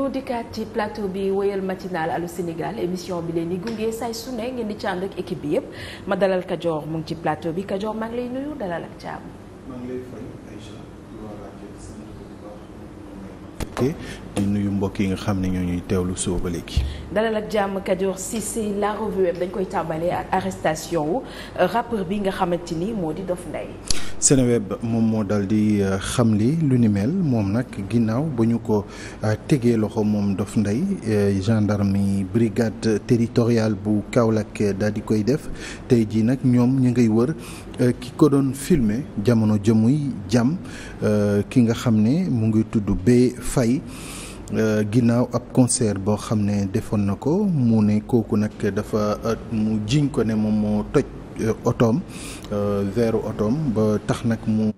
ñu dikkaat ci plateau bi wëyal matinal Allô Sénégal émission bi leen di gunge say su ngeen di ci ànd ak équipe bi yëpp ma dalal Kajoor mu ci plateau bi Kajoor maa ngi lay nuyu dalal ak jàmm. maa ngi lay nuyu mbokk yi xam ne ñoo ñuy teewlu soo ba dalal ak jàmm Kajoor Cissé la revue web dañ koy tàmbalee ak arrestation wu euh, rappeur bi nga xamante ni moo di Dof Ndeye. Seneweb moom moo dal di euh, xam li lu ni mel moom nag ginnaaw ba ñu ko euh, tegee loxo moom Dof Ndeye euh, gendarmerie brigade territoriale bu Kaolack daal di koy def tey jii nag ñoom ñu ngay wër ki ko doon filmer jamono jëmuy jàmm ki nga xam ne mu ngi tudd Bee fay Uh, ginnaaw ab concert boo xam ne defoon na ko mu ne kooku nag dafa mu jiñ ko ne moom moo toj Euh, otoom veeru euh, otoom ba tax nag mu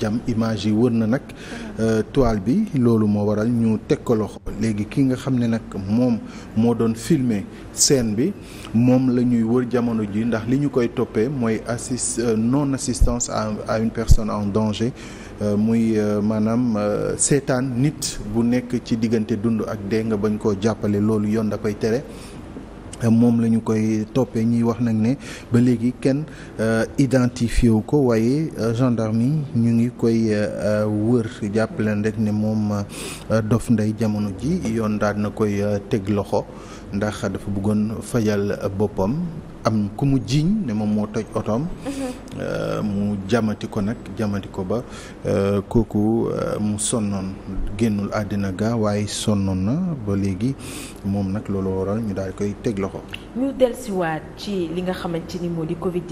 jam image yi wër na nag euh, toile bi loolu moo waral ñu teg ko loxo léegi ki nga xam ne nag moom moo doon filmer scène bi moom la ñuy wër jamono ji ndax li ñu koy toppee mooy assist non assistance à une personne en danger muy maanaam seetaan nit bu nekk ci diggante dund ak dee nga bañ koo jàppale loolu yoon da koy tere moom la ñu koy toppee ñuy wax nag ne ba léegi kenn euh, identifié wu ko waaye euh, gendarmerie ñu ngi koy euh, wër jàpp leen ne moom Dof Ndeye jamono ji yoon daal na koy teg loxo ndax dafa bëggoon fajal boppam. am ku mu jiiñ ne moom moo toj otoom. Mhm. Euh, mu jamati ko nag jamati ko ba euh, kooku euh, mu sonnoon génnul àddina gaa waaye sonnoon na ba léegi moom nag loolu waral ñu daal koy teg loxo. ñu dellusiwaat ci li nga xamante ni moo di Covid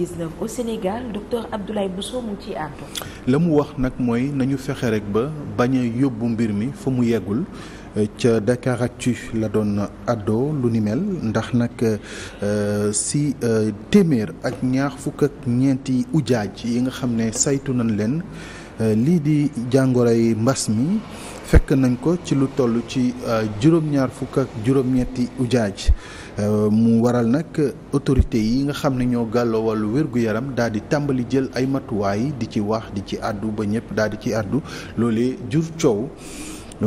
au Sénégal docteur Abdoulaye Bousso mu ciy àntu. la mu wax nag mooy nañu fexe rek ba bañ yóbbu mbir mi fa mu yeggul. ca Dakaractu la doon àddoo lu ni mel ndax nag euh, si euh, téeméer ak ñaar fukk ak ñeenti ujaaj yi nga xam ne saytu nañ leen euh, lii di jàngoroy mbas mi fekk nañ ko ci lu toll ci juróom-ñaar fukk ak ujaaj mu waral nag autorité yi nga xam ne ñoo gàlloo wàllu wér yaram daal di tàmbali jël ay matuwaay di ci wax di ci àddu ba ñëpp daal di ci àddu loolee jur coow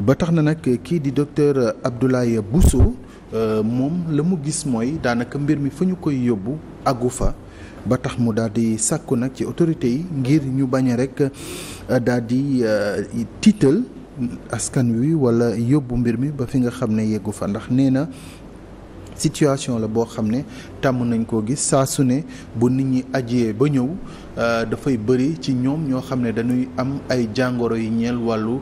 ba tax na nag kii di docteur Abdoulaye Bousso euh, moom la mu gis mooy daanaka mbir mi fa ñu koy yóbbu agu fa ba tax mu daal di sàkku nag ci autorités yi ngir ñu bañ a rek euh, daal di euh, tiital askan wi wala yóbbu mbir mi ba fi nga xam ne yeggu fa ndax nee na situation la boo xam ne tàmm nañ koo gis saa su ne bu nit ñi ajee ba ñëw euh, dafay bëri ci ñoom ñoo xam ne dañuy am ay jàngoro yi ñeel wàllu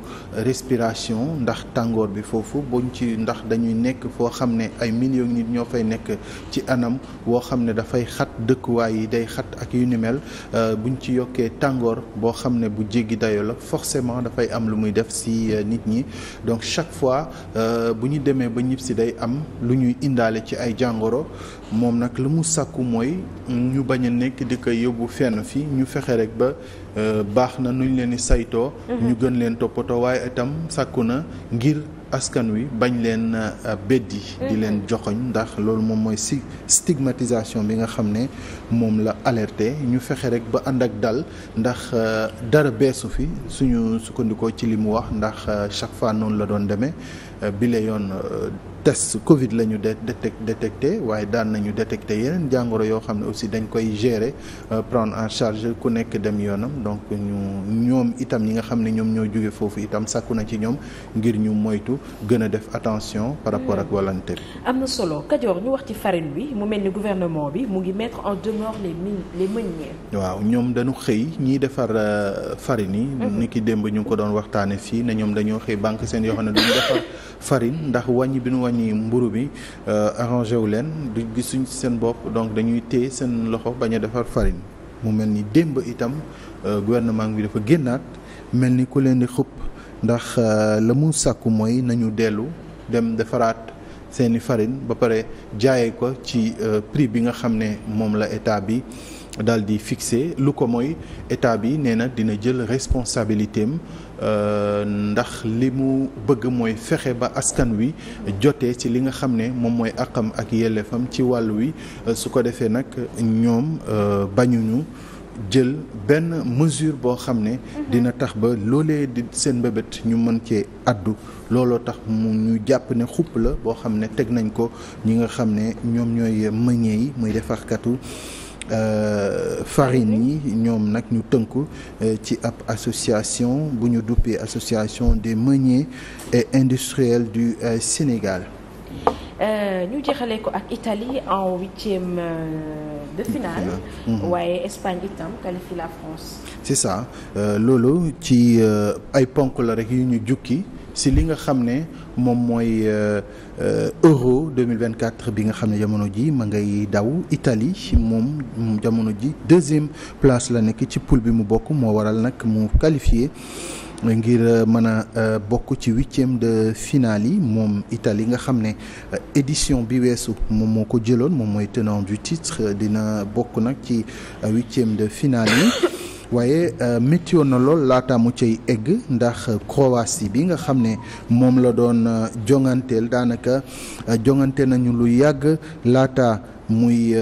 respiration ndax tàngoor bi foofu buñ ci ndax dañuy nekk foo xam ne ay millions nit ñoo fay nekk ci anam woo xam ne dafay xat dëkkuwaay yi day xat ak yu ni mel euh, buñ ci yokkee tàngoor boo xam ne bu jéggi dayo la forcément dafay am lu muy def si euh, nit ñi donc chaque fois bu ñu demee ba ñib si day am lu ñuy indaale ci ay jàngoro moom nag lu mu sàkku mooy ñu bañ a nekk dëkk koy yóbbu fenn fii ñu fexe rek ba euh, baax na nuñ leen di saytoo. Mhm. ñu gën leen toppatoo waaye itam sàkku na ngir askan wi bañ leen euh, beddi. Mhm. di leen joxoñ ndax loolu moom mooy si stigmatisation bi nga xam ne moom la alerté ñu fexe rek ba ànd ak dal ndax euh, dara beesu fi suñu sukkandikoo ci li mu wax ndax chaque fois noonu la doon demee bile yoon. test Covid la ñu détecté waaye daan nañu détecté yeneen jàngoro yoo xam ne aussi dañ koy gérer euh, prendre en charge ku nekk dem yoonam donc ñu ñoom itam ñi nga xam ne ñoom ñoo jóge foofu itam sàkku na ci ñoom ngir ñu moytu gën a def attention par rapport ak mm. volonté bi. am na solo Kajoor ñu wax ci bi mu mel ni gouvernement bi mu ngi mettre en demeure les les meuniers. waaw ñoom dañu xëy ñiy defar euh, farine yi. Mm-hmm. ni ki démb ñu ko doon waxtaanee fii ne ñoom dañoo xëy banque seen yoo xam ne duñu compagnie mburu bi euh, arrangé wu leen du gisuñ seen bopp donc dañuy téye seen loxo bañ a defar farine mu mel ni démb itam euh, gouvernement bi dafa génnaat mel ni ku leen di xupp ndax euh, la mu sàkku mooy nañu dellu dem defaraat seeni farine ba pare jaayee ko ci prix bi nga xam ne moom la état bi daal di fixé lu ko mooy état bi nee na dina jël responsabilité am euh, ndax li mu bëgg mooy fexe ba askan wi jote ci li nga xam ne moom mooy aqam ak yelleefam ci wàll wi euh, su ko defee nag ñoom euh, bañuñu jël benn mesure boo xam ne mhm. dina tax ba loolee di seen mbébét ñu mën cee addu looloo tax mu ñu jàpp ne xupp la boo xam ne teg nañ ko ñi nga xam ne ñoom ñooy mëñee muy defarkatu Euh, farine yi ñoom nag ñu tënku euh, ci ab association bu ñu duppee association des meuniers et industriels du euh, Sénégal. ñu jeexalee ko ak Italie en huitième de finale. Mhm. waaye Espagne itam c'est ça loolu ci ay ponk la rek yu ñu jukki. si li nga xam ne moom mooy euh, euh, euro 2024 bi nga xam ne jamono ji ma ngay daw Italie moom jamono ji deuxième place la nekk ci poule bi mu bokk moo waral nag mu qualifié ngir euh, mën a bokk ci huitième de finale yi moom Italie nga xam ne édition bi weesu moom moo ko jëloon moom mooy tenant du titre dina bokk nag ci huitième de finale yi waaye euh, météo na lool laata mu cay egg ndax euh, Croatie bi nga xam ne moom la doon euh, jonganteel daanaka jongante nañu lu yàgg laata muy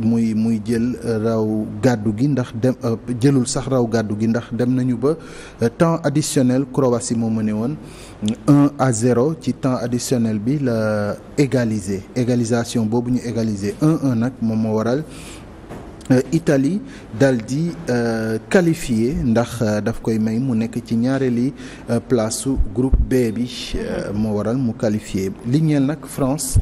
muy muy jël raw gàddu gi ndax dem jëlul sax raw gàddu gi ndax dem nañu ba temps additionnel moom ma ne woon 1 à 0 ci temps additionnel bi la égaliser égalisation boobu ñu égaliser 1-1 nag moom moo waral. Euh, Italie dal di euh, qualifié ndax euh, daf koy may mu nekk ci ñaareeli place su groupe B bi moo waral mu qualifié li nag France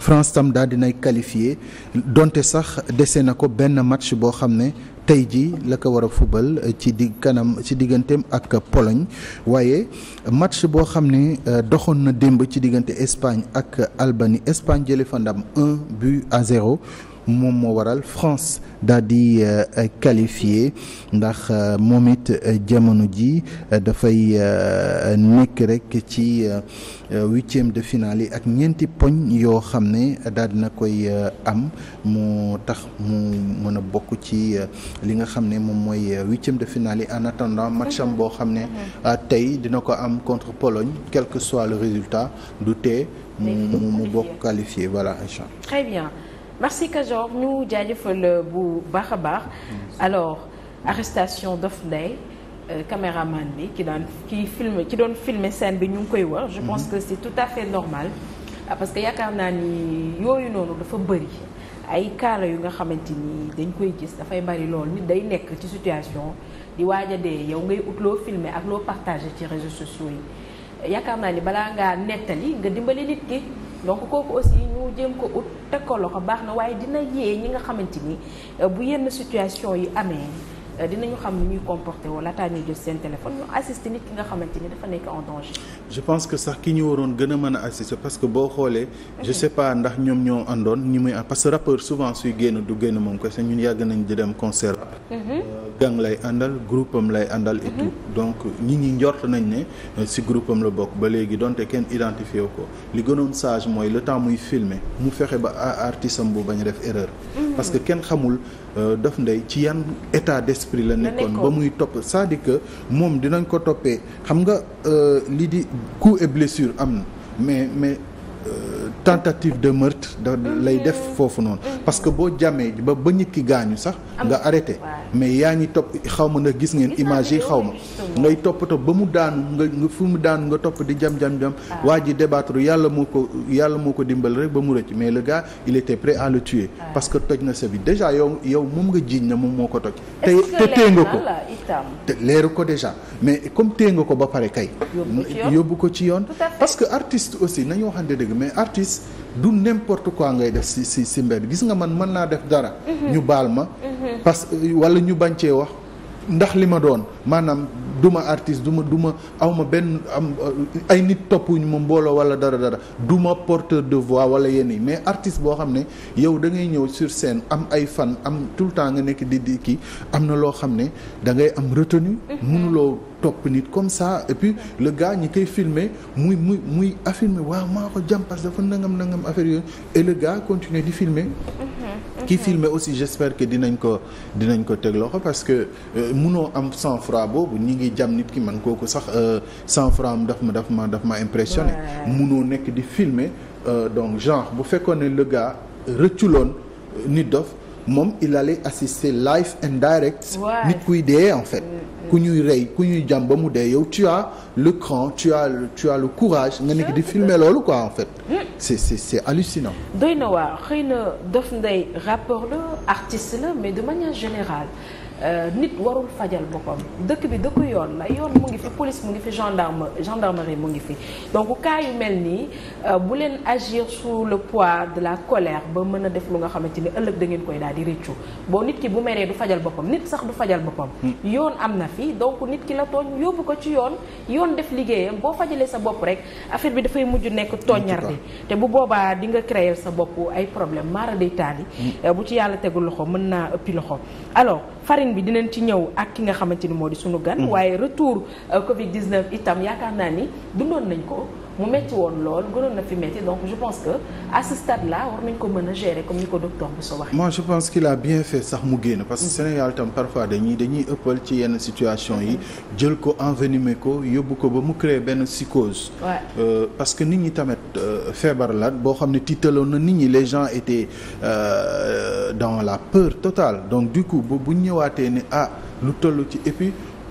France tam daal nay qualifié donte sax dese na ko benn match boo xam ne tey jii la ko war a fubal ci di kanam ci digganteem ak Pologne waaye match boo xam ne doxoon na démb ci diggante Espagne ak Albanie Espagne jële fa ndam 1 but à 0 moom moo waral France daal di euh, qualifié ndax euh, moom it euh, jamono ji dafay nekk rek ci huitième de finale yi ak ñeenti poñ yoo xam ne daal dina koy am mu tax mu mën a bokk ci li nga xam ne moom mooy huitième de finale yi en attendant match boo xam ne tey dina ko am contre Pologne quel que soit le résultat du tee mu mu bokk qualifié voilà incha merci Kajor ñu jaajëfal euh, bu baax a baax alors arrestation Dof Ndeye euh, caméraman bi ki daan ki filme ki doon filme scène bi ñu ngi koy wax je pense mhm. que si tout à fait normal ah, parce que yaakaar naa ni yooyu noonu dafa bëri ay kaala yu nga xamante ni dañ koy gis dafay bari lool nit day nekk ci situation di waaja de yow ngay ut loo filmer ak loo partage ci réseaux sociaux yi yaakaar naa ni balaa ngaa nettali nga dimbali nit ki donc kooku aussi ñu jëm ko ut teg ko loxo baax na waaye dina yee ñi nga xamante ni bu yenn situation yi amee Euh, dinañu xam ni ñuy comporté woo laataa ñuy jël seen téléphone mm-hmm. ñu assister nit ki nga xamante ni dafa nekk en danger. je pense que sax ki ñu waroon gën a mën a assister parce que boo xoolee. Mm-hmm. je sais pas ndax ñoom ñoo àndoon ñi muy parce que rapport souvent suy génn du génn moom kese ñun yàgg nañ di dem concert. Mm-hmm. Euh, gang lay àndal groupe am lay àndal. et donc ñi ñi njort nañ ne euh, si groupe am la bokk ba léegi donte kenn identifié wu ko li gënoon sage mooy le temps muy filmer mu fexe ba artiste am bu bañ def erreur. parce que kenn xamul euh, Dof Ndeye ci yan état d'esprit la nekkoon ba muy topp c'est-à-dire que moom dinañ ko toppee xam nga euh, li di coup et blessure am na mais mais. Euh, tentative de meurtre da lay def foofu noonu mm-hmm. parce que boo jàmmee ba ba nit ki gaañu sax nga arrêté mais yaa ngi topp xaw ma na gis ngeen image yi xaw ma ngay toppatoo ba mu daanu nga fu mu daanu nga topp di jam jam jam ah. waa ji débattre yàlla moo ko yàlla moo ko dimbal rek ba mu rëcc mais le gars il était prêt à le tuer ah. parce que toj na sa vie déjà yow yow moom nga jiiñ na moom moo ko toj te te téye ko te leeru ko déjà mais comme téye nga ko ba pare kay yóbbu ko ci yoon artiste du n'importe quoi ngay def ci ci ci gis nga man mën naa def dara. Mhm. ñu baal ma. Mhm. parce que walla ñu bañ cee wax ndax li ma doon maanaam. du ma artiste du ma du ma aw ma benn am euh, ay nit toppuñu ma mbooloo wala dara dara duma porteur de voix wala yenn yi mais artiste boo xam ne yow da ngay ñëw sur scène am ay fan am tout le temps nga nekk di di kii am na loo xam ne da ngay am retenue munuloo mhm. topp nit comme ça et puis mhm. le ñi koy filmer muy muy muy affirmer waaw maa ko jàm parce que dafa nangam nangam affaire yooyu et le gars di filmer mhm, ki filmer aussi j'espère que dinañ ko dinañ ko teg loxo parce que euh, mënoo am sang ngay nit ki man kooku sax euh, cent francs daf ma daf ma daf ma impressionné munoo nekk di filmer euh, donc genre bu fekkoon ne le gars rëcculoon euh, nit dof moom il allait assister live and direct nit kuy dee en fait mm, mm. ku ñuy rey ku ñuy jàm ba mu dee yow tu as le cran tu as le, tu courage nga nekk di filmer loolu quoi en fait mm. c'est c'est hallucinant doy na waaw xëy na Dof Ndeye rapport la artiste la mais de manière générale Euh, nit warul fajal boppam dëkk bi dëkku yoon la yoon mu ngi fi police mu ngi fi gendarme gendarmerie mu ngi fi donc cas yu mel nii euh, bu leen agir sous le poids de la colère ba mën a def lu nga xamante ni ëllëg da ngeen koy daal di réccu boo nit ki bu meree du fajal boppam nit sax du fajal boppam hmm. yoon am na fi donc nit ki la tooñ yóbbu ko ci yoon yoon def liggéeyam boo fajalee sa bopp rek affaire bi dafay mujj nekk tooñar bi te bu boobaa di nga créer sa bopp ay problème maara day hmm. euh, bu ci yàlla tegul loxo mën naa ëppi beneen bi dinañ ci ñëw ak ki nga xamante ni moo di suñu gan. Mm-hmm. waaye retour euh, Covid 19 itam yaakaar naa ni dundoon nañ ko. mu métti woon lool gënoon na fi métti donc je pense que à ce stade là war nañ ko mën a gérer comme ni ko docteur Bousso waxee. moi je pense qu'il a bien fait sax mu génn parce que mm-hmm. Sénégal tam parfois dañuy dañuy ëppal ci yenn situation yi jël ko envenimer ko yóbbu ko ba mu créer benn psychose. Euh, parce que nit ñi tamit euh, feebar la boo xam ne tiitaloon na nit ñi les gens étaient euh, dans la peur total donc du coup bu ñëwaatee ni ah lu toll ci et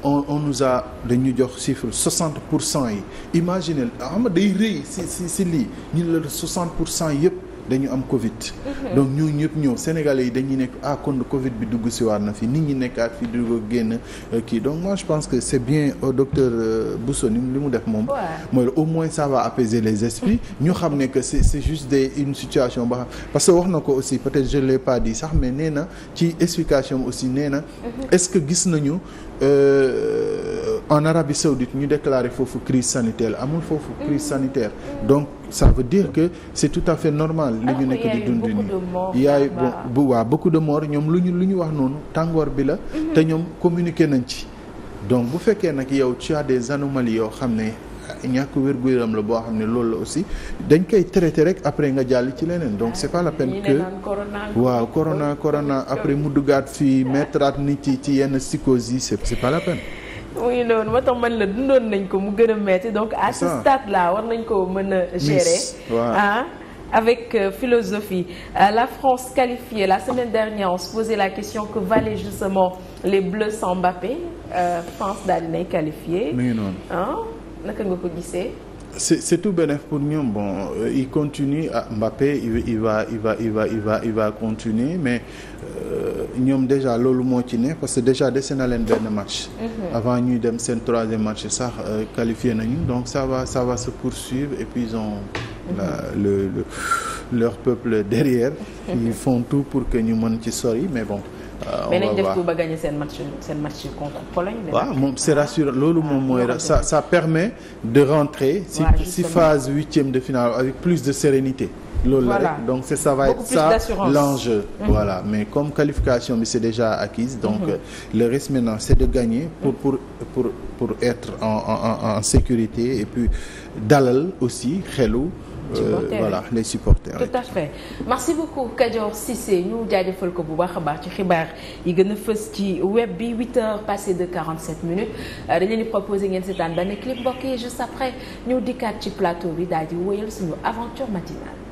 on on nous a dañu jox chiffre 60 pour cent yi imaginez xam ah, nga day rëy si si si lii ñu la 60 pour cent yëpp dañu am Covid. Mhm. donc ñu ñëpp ñëw Sénégalais yi dañuy nekk ah kon Covid bi dugg si waat na fi nit ñi nekkaat fi dugg génn euh, kii donc moi je pense que c' est bien au euh, docteur euh, Bousso ni li mu def moom. mooy au moins ça va apaiser les esprits. ñu xam ne que c' est c' est juste des une situation ba xam parce wax na ko aussi peut-être je l'ai pas sax mais nee na ci explication aussi nee na. Mhm. est ce que gis nañu. Euh, en Arabie Saoudite ñu déclaré foofu crise sanitaire amul foofu crise mm. sanitaire mm. donc ça veut dire que c'est tout à fait normal li ñu ah, nekk di dund nii yaay bu waa beaucoup de morts ñoom lu ñu lu ñu wax noonu tàngoor bi la te mm-hmm. ñoom communiqué nañ ci donc bu fekkee nag yow tu as des anomalies yoo xam ne ñàkk wérgu yaram la boo xam ne loolu la aussi dañ koy traité rek après nga jàll ci leneen donc c'est pas la peine que waaw corona corona après mu duggaat fii mettraat nit ci ci yenn psychose yi c'est pas la peine mu ngi noonu moo tax man la dundoon nañ ko mu gën a metti donc à ce stade nañ ko mën a gérer ah avec euh, philosophie euh, la France qualifiée la on se posait la question que valaient justement les Bleus sans Mbappé euh, France daal di nay qualifié. naka nga ko gisee. c'est tout bénéf pour ñoom bon euh, il continue ah Mbappé il, il va il va il mais euh, ñoom euh, déjà loolu moo ci ne parce que déjà dese na leen benn match. Mhm. avant ñuy dem seen troisième match sax euh, qualifié nañu donc ça va ça va se poursuivre et puis ils ont mhm. le, le leur peuple derrière. ils font tout pour que ñu mën ci sori mais bon. mais ah, nañ def tout ba gagner seen match seen match contre Pologne. waaw moom c'est rassurant loolu moom mooy ça ça permet de rentrer. si si phase huitième de finale avec plus de sérénité. loolu la rek donc ça va être ça l'enjeu mmh. voilà mais comme qualification bi c'est déjà acquise mmh. donc euh, le reste maintenant c'est de gagner pour pour pour pour être en en en sécurité et puis dalal aussi xelu. supporters euh, voilà les supporters. tout à fait merci beaucoup Kadior Cissé ñu jaajëfal ko bu baax a baax ci xibaar yi gën a fës ci web bi 8 heures passé de 47 minutes euh, dañu leen di proposé ngeen seetaan benn clip mbokk yi juste après ñu dikkaat ci plateau bi daal di wóyal suñu aventure matinale.